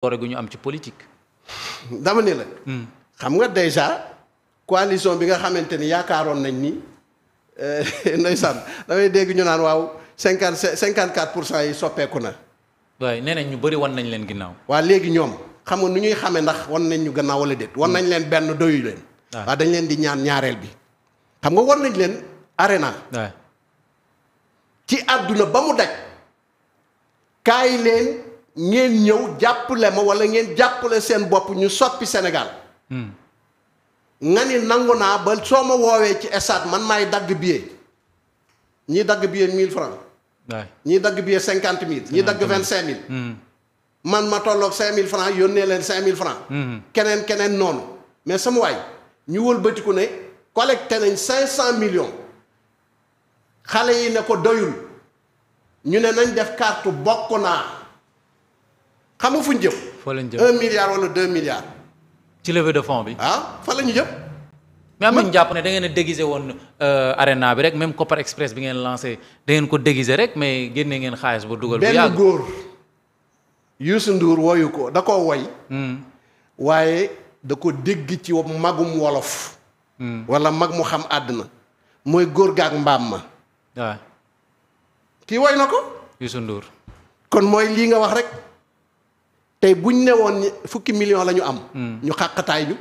doore gu ñu am ci politique. dama ni la. Hmm. xam nga déjà coalition bi nga xamante ni yaakaaroon nañ ni euh, ndeysaan damay dégg ñu naan waaw cinquante cinquante pour cent yi soppeeku na. waaye nee nañ ñu bëri won nañ leen ginnaaw. waa léegi ñoom xam nga nu ñuy xamee ndax wan nañ ñu gannaaw wala déet. wan nañ leen benn doyu leen. Ah. waaw dañ leen di ñaan ñaareel bi. xam nga wan nañ leen arena. Ah. ci àdduna ba mu daj. kaay leen. ngeen ñëw jàppale ma wala ngeen jàppale seen bopp ñu soppi Sénégal. Hmm. nga ni nangu naa ba soo ma woowee ci stade man maay dagg billet ñii dagg billet mille francs ñii dagg billet cinquante mille. ñii dagg vingt cinq mille. Hmm. man ma tolloog cinq mille francs yónnee leen cinq mille francs. Hmm. keneen keneen noonu. mais sama waay ñu wëlbatiku ne collecté nañ cinq cent millions xale yi ne ko doyul ñu ne nañ def carte bokk naa. xam nga fu ñu jëm. fa lañ jëm un milliard wala deux milliards. ci leve de fonds bi. ah fa la ñu jëm. mais am nañu jàpp ne da ngeen a déguisé woon euh, arena bi rek même Copper Express bi ngeen lancé da ngeen ko déguisé rek mais génne ngeen xaalis ba dugal. bu yàgg benn góor Youssou Ndour woyu ko da koo woy. Hmm. waaye da ko dégg ci magum wolof. Hmm. walla mag mu xam àdduna. mooy góor gaak mbaam ma. waaw. kii woy na ko. Youssou Ndour. kon mooy lii nga wax rek. tey bu buñ ne woon fukki million la ñu am. Hmm. ñu xàqataay ñu.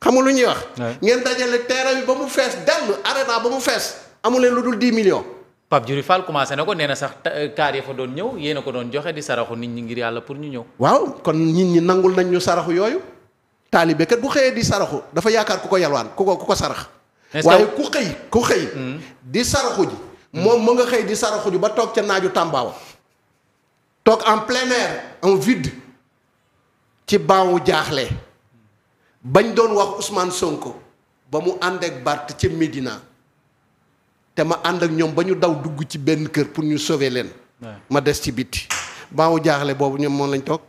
xam nga lu ñuy wax. ngeen dajale terrain bi ba mu fees dell arena ba mu fees amu leen lu dul 10 millions. Pape Djibril Fall commencé na ko nee na sax euh, kaar ya fa doon ñëw yéen a ko doon joxe di saraxu nit ñi ngir yàlla pour ñu ñëw. waaw kon nit ñi nangul nañ ñu saraxu yooyu. taalibe kat bu xëyee di saraxu dafa yaakaar ku ko yalwaan ku ko ku ko sarax. waaye ku xëy ku xëy. Hmm. di saraxu ji. moom mu nga xëy di saraxu ji ba toog ca naaju Tàmbaawa. toog en plein air ci baawu jaaxle bañ doon wax Ousmane Sonko ba mu ànd ak ci ca Médina te ma ànd ak ñoom ba ñu daw dugg ci benn kër pour ñu sauver leen. ma des ci biti. baawu jaaxle boobu ñoom moom lañ toog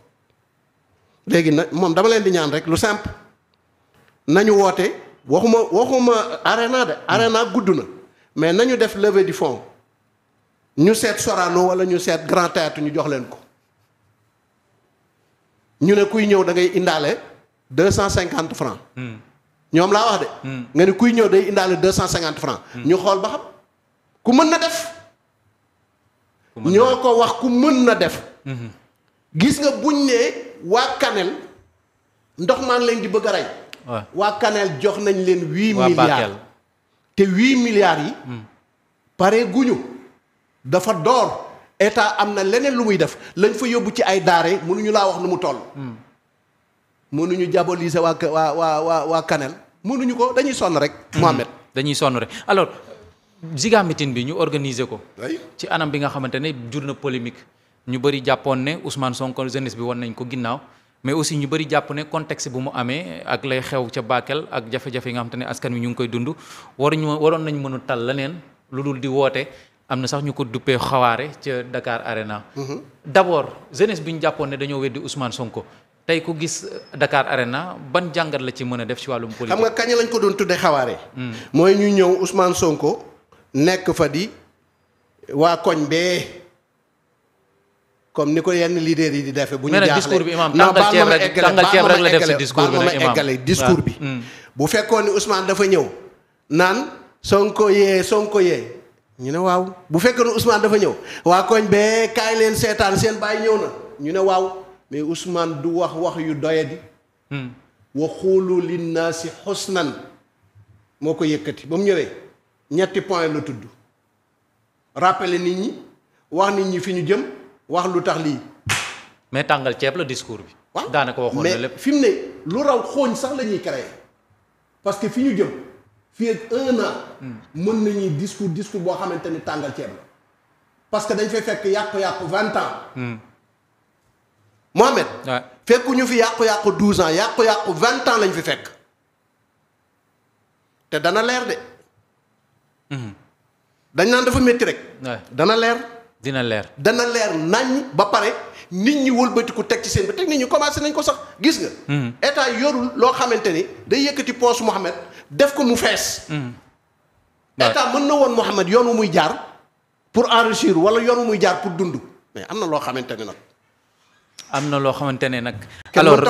léegi nag moom dama leen di ñaan rek lu simple nañu woote waxuma waxuma arena de arena mm. gudd na mais nañu def levée di fonds ñu seet Sorano wala ñu seet Grand Théâtre ñu jox leen ko. ñu ne kuy ñëw da ngay indaale deux cent cinquante francs hmm. ñoom laa wax de. Hmm. nga ne kuy ñëw day indaale deux cent cinquante francs hmm. ñu xool ba xam ku mën na def. ñoo ko wax ku mën na def. gis nga buñ nee waa Kanel ndox maa leen di bëgg a rey. waa Kanel jox nañ leen huit milliards te huit milliards yi. pare guñu dafa door. état am na leneen lu muy def lañ fa yóbbu ci ay daare mënuñu laa wax nu mu toll. Hmm. mënuñu diaboliser waa waa waa waa waa Kanel mënuñu ko dañuy sonn rek. Hmm. Mohamed dañuy sonn rek alors Ziga bi ñu organiser ko. ci anam bi nga xamante ne jur na polémique ñu bari jàppoon ne Ousmane Sonko jeunesse bi wan nañ ko ginnaaw. mais aussi ñu bëri jàpp ne contexte bu mu amee ak lay xew ca Bakel ak jafe-jafe yi nga xam ne askan wi ñu ngi koy dund waruñu waroon nañu mën a tal leneen lu dul di woote am na sax ñu ko duppee xawaare ca Dakar Arena. Mhm. d' abord jeunesse bi ñu jàppoon ne dañoo weddi Ousmane Sonko tey ku gis Dakar Arena ban jàngat la ci mën a def ci wàllum politique. xam nga kañ lañ ko doon tuddee xawaare. Hmm. mooy ñu ñëw usmaan Sonko nekk fa di waa koñ bee comme ni ko yenn lideer yi di defee. bu ñu jaaxlee discours bi imaam tàngal ceeb rek bi eggale discours bi. Hmm. bu fekkoon ni Ousmane dafa ñëw naan Sonko yee Sonko yee. ñu ne waaw bu fekkoon Ousmane dafa ñëw waa koñ bee kaay leen seetaan seen baay ñëw na ñu ne waaw mais Ousmane du wax wax yu doyadi hmm. wa si linnaasi nan moo ko yëkkati ba mu ñëwee ñetti point la tudd rappeler nit ñi wax nit ñi fi ñu jëm wax lu tax lii mais tàngal ceeb la discours bi waaw ko waxoon na lépp fi mu ne lu raw xooñ sax lañuy ñuy créer parce que fi ñu jëm fii ak mën nañuy discours discours boo xamante ni tàngal ceeb la. parce que dañ fay fekk yàqu-yàqu vingt ans. Hmm. Mohamed. waaw fekkuñu fi yàqu-yàqu douze ans yàqu-yàqu vingt ans lañu fi fekk. te dana leer de. Hmm. dañ naan dafa métti rek. dana leer. dina leer dana leer nañ ba pare nit ñi wëlbatiku teg ci seen bi teg nit ñi commencé nañ ko sax gis nga. Hmm. état yoru loo xamante ni day yëkkati poche Mohamed. def ko mu fees. Hmm. état mën na woon Mouhamed yoon wu muy jaar pour enrichir wala yoon wu muy jaar pour dund mais am na loo xamante ne nag. am na loo xamante ne nag. alors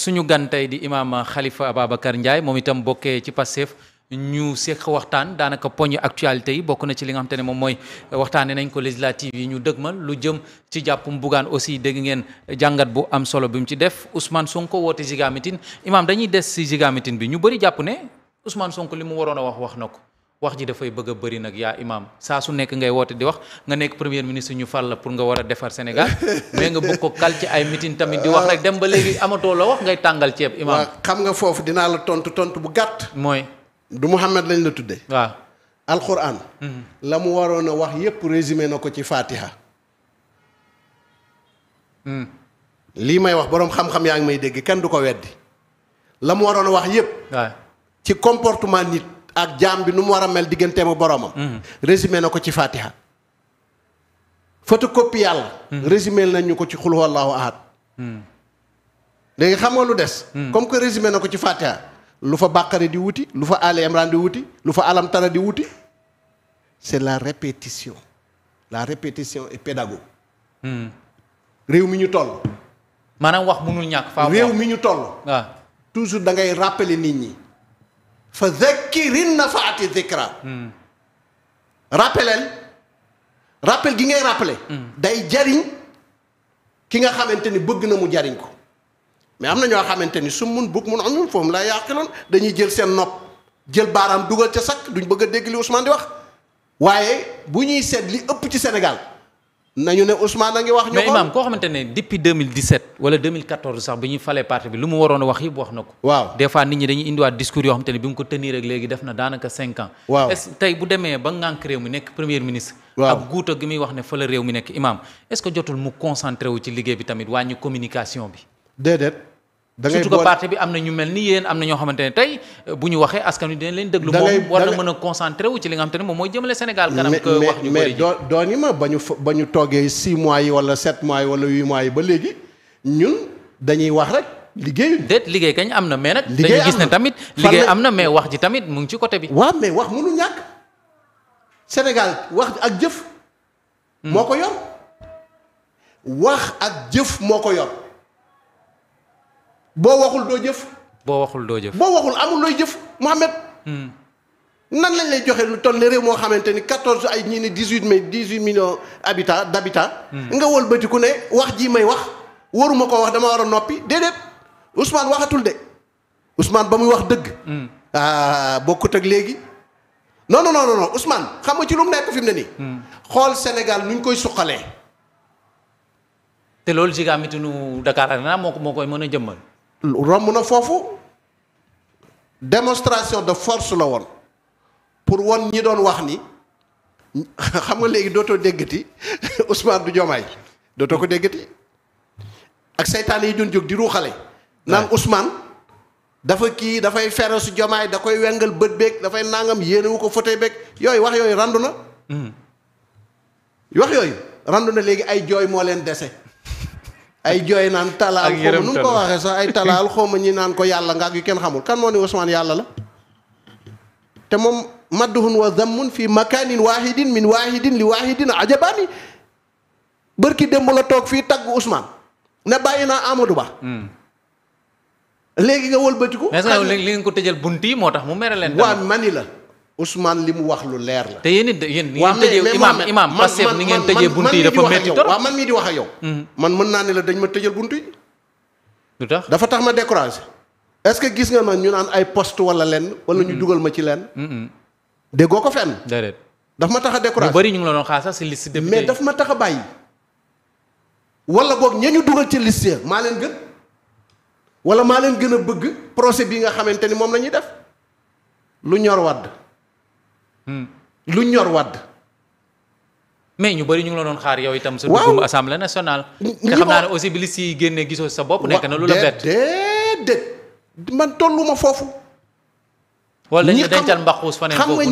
suñu gan tey di imaam Khalifa Ababacar Ndiaye moom itam bokkee ci Pastef. ñu seq waxtaan daanaka poñ actualité bokk na ci li nga ne moom mooy waxtaanee nañ ko législative yi ñu ma lu jëm ci jàppum Bougane aussi dégg ngeen jàngat bu am solo bi mu ci def Ousmane Sonko woote Ziguinchor imaam dañuy des si Ziguinchor bi ñu bëri jàpp ne Ousmane sonk li mu waroon a wax wax na ko wax ji dafay bëgg a bëri nag yaa imaam saa su nekk ngay woote di wax nga nekk premier ministre ñu fal la pour nga war a defar Sénégal mais nga bëgg ko kal ci ay meeting tamit di wax rek dem ba léegi amatoo la wax ngay tàngal ceeb imaam xam nga foofu dinaa la tontu tontu bu gàtt mooy du Mouhamed lañ la tuddee waaw alquran mhm. la mu waroon a wax yépp résumé na ko ci Fatiha mhm. lii may wax boroom xam-xam yaa ngi may dégg kenn du ko weddi la mu waroon a wax yépp ci comportement nit ak jaam bi nu mu war a mel digganteem ak boroomam. Mm-hmm. résumé na ko ci Fatiha. photocopie yàlla. Mm-hmm. résumé nañu ko ci xul wallaahu ahad. Mm-hmm. léegi xam nga lu des. comme que résumé na ko ci Fatiha lu fa Bàqara di wuti lu fa Ali Imran di wuti lu fa Alam di wuti c'est la répétition la répétition est pédagogue. réew mi ñu toll. maanaam wax mënul ñàkk. faaw réew mi ñu toll. Ah. toujours da ngay rappeler nit ñi. fa zakkirin nafaati zikra rappelel rappel gi ngay rappelé day jariñ ki nga xamante ni bëgg na mu jariñ ko mais am na ñoo xamante ni su mun bugg mun amul foofu laa yàqiloon dañuy jël seen nopp jël baaraam dugal ca sakk duñ bëgg a dégg li Ousmane di wax waaye bu ñuy seet li ëpp ci Sénégal nañu ne Ousmane a ngi wax. ñu mais Imaam koo xamante ne depuis 2017 sax bi ñuy falee parti bi lu mu waroon a wax yëpp wax na ko. waaw des fois nit ñi dañuy indiwaat discours yoo xamante ne bi mu ko tenir ak léegi def na daanaka 5 ans. waaw est tey bu demee ba ngànk réew mi nekk premier ministre. waaw ak guuta gi muy wax ne fa la réew mi nekk Imaam est ce que jotul mu concentré wu ci liggéey bi tamit wàññi communication bi. déedéet. da ngay surtout bi am na ñu mel ni yéen am na ñoo xamante ne tey euh, bu ñu waxee askan wi dinañ leen déglu. moom war na mën a concentré wu ci li nga xamante ne moom mooy jëmale Sénégal kanam. que wax ñu bëri mais ba ñu ba ñu toogee 6 mois yi wala 7 mois wala 8 yi ba léegi ñun dañuy wax rek liggéeyuñu. déet liggéey kañ am na mais nag. liggéey dañuy gis ne tamit liggéey am na mais wax ji tamit mu ngi ci côté bi. waaw mais wax mënu ñàkk Sénégal wax ak jëf. moo ko yor wax ak jëf moo ko yor. boo waxul doo jëf. boo waxul doo jëf. boo waxul amul looy jëf Mouhamed. Hmm. nan lañ lay joxe lu toll ne réew moo xamante ni quatorze ay ñii ne dix huit mais dix huit millions habitants hmm. nga wëlbati ku ne wax ji may wax waruma koo wax dama war a noppi déedéet Ousmane waxatul de Ousmane ba muy wax dëgg. Hmm. ah bokkut ak léegi. non non non non xam nga ci lu mu nekk fi ne nii. xool Sénégal nuñ koy suqale te loolu si nga Giga Meeting Dakar naa moo ko moo koy mën a jëmmal. romb na foofu démonstration de force la woon pour won ñi doon wax ni xam nga léegi dootoo déggati Ousmane du Diomaye dootoo ko déggati ak seytaane yi doon jóg di ruuxale naan Ousmane dafa kii dafay fere su Diomaye da koy wengal bët beeg dafay nangam yéenewu ko fauteuil beeg yooyu wax yooyu randu na hmm. wax yooyu randu na léegi ay jooy moo leen dese ay jooy naan talaal xaw ma nu mu ko waxee sax ay talaal xaw ñi naan ko yàlla nga ak yu kenn xamul kan moo ni Ousmane yàlla la te moom madduhun wa zammun fi makanin wahidin min wahidin li wahidin ajabaani bërki démb la toog fii tagg Ousmane ne bàyyi naa Amadou Ba hmm. léegi nga wëlbatiku mais li nga ko tëjal bunt yi moo tax mu mere leen waa mani la Ousmane li mu wax lu leer la. te yéen it yéen ni ngeen tëjee imaam imaam Pastef ni ngeen tëjee bunt yi dafa métti trop waaw di wax ak yow. Mhm. man mën naa ne la dañ ma tëjal bunt lu tax dafa tax ma découragé. est-ce que gis nga man ñu naan ay post wala lenn. wala ñu mhm. dugal ma ci lenn. Mhm. déggoo ko fenn. déedéet ma tax a découragé bu ñu ngi la doon xaar sax si liste député mais daf ma tax a bàyyi. wala boog ña ñu dugal ci liste maa leen gën. wala maa leen gën a bëgg procès bii nga xamante ni moom la ñuy def lu ñor wadd Hmm. lu ñor wàdd. mais ñu bëri ñu ngi la doon xaar yow itam. sa dugub assemblée nationale. te xam naa ne aussi bi si génnee gisoo sa bopp. nekk na lu la bett déedéet man tollu ma foofu. ñi xam dencal mbaxuus fa neen foofu.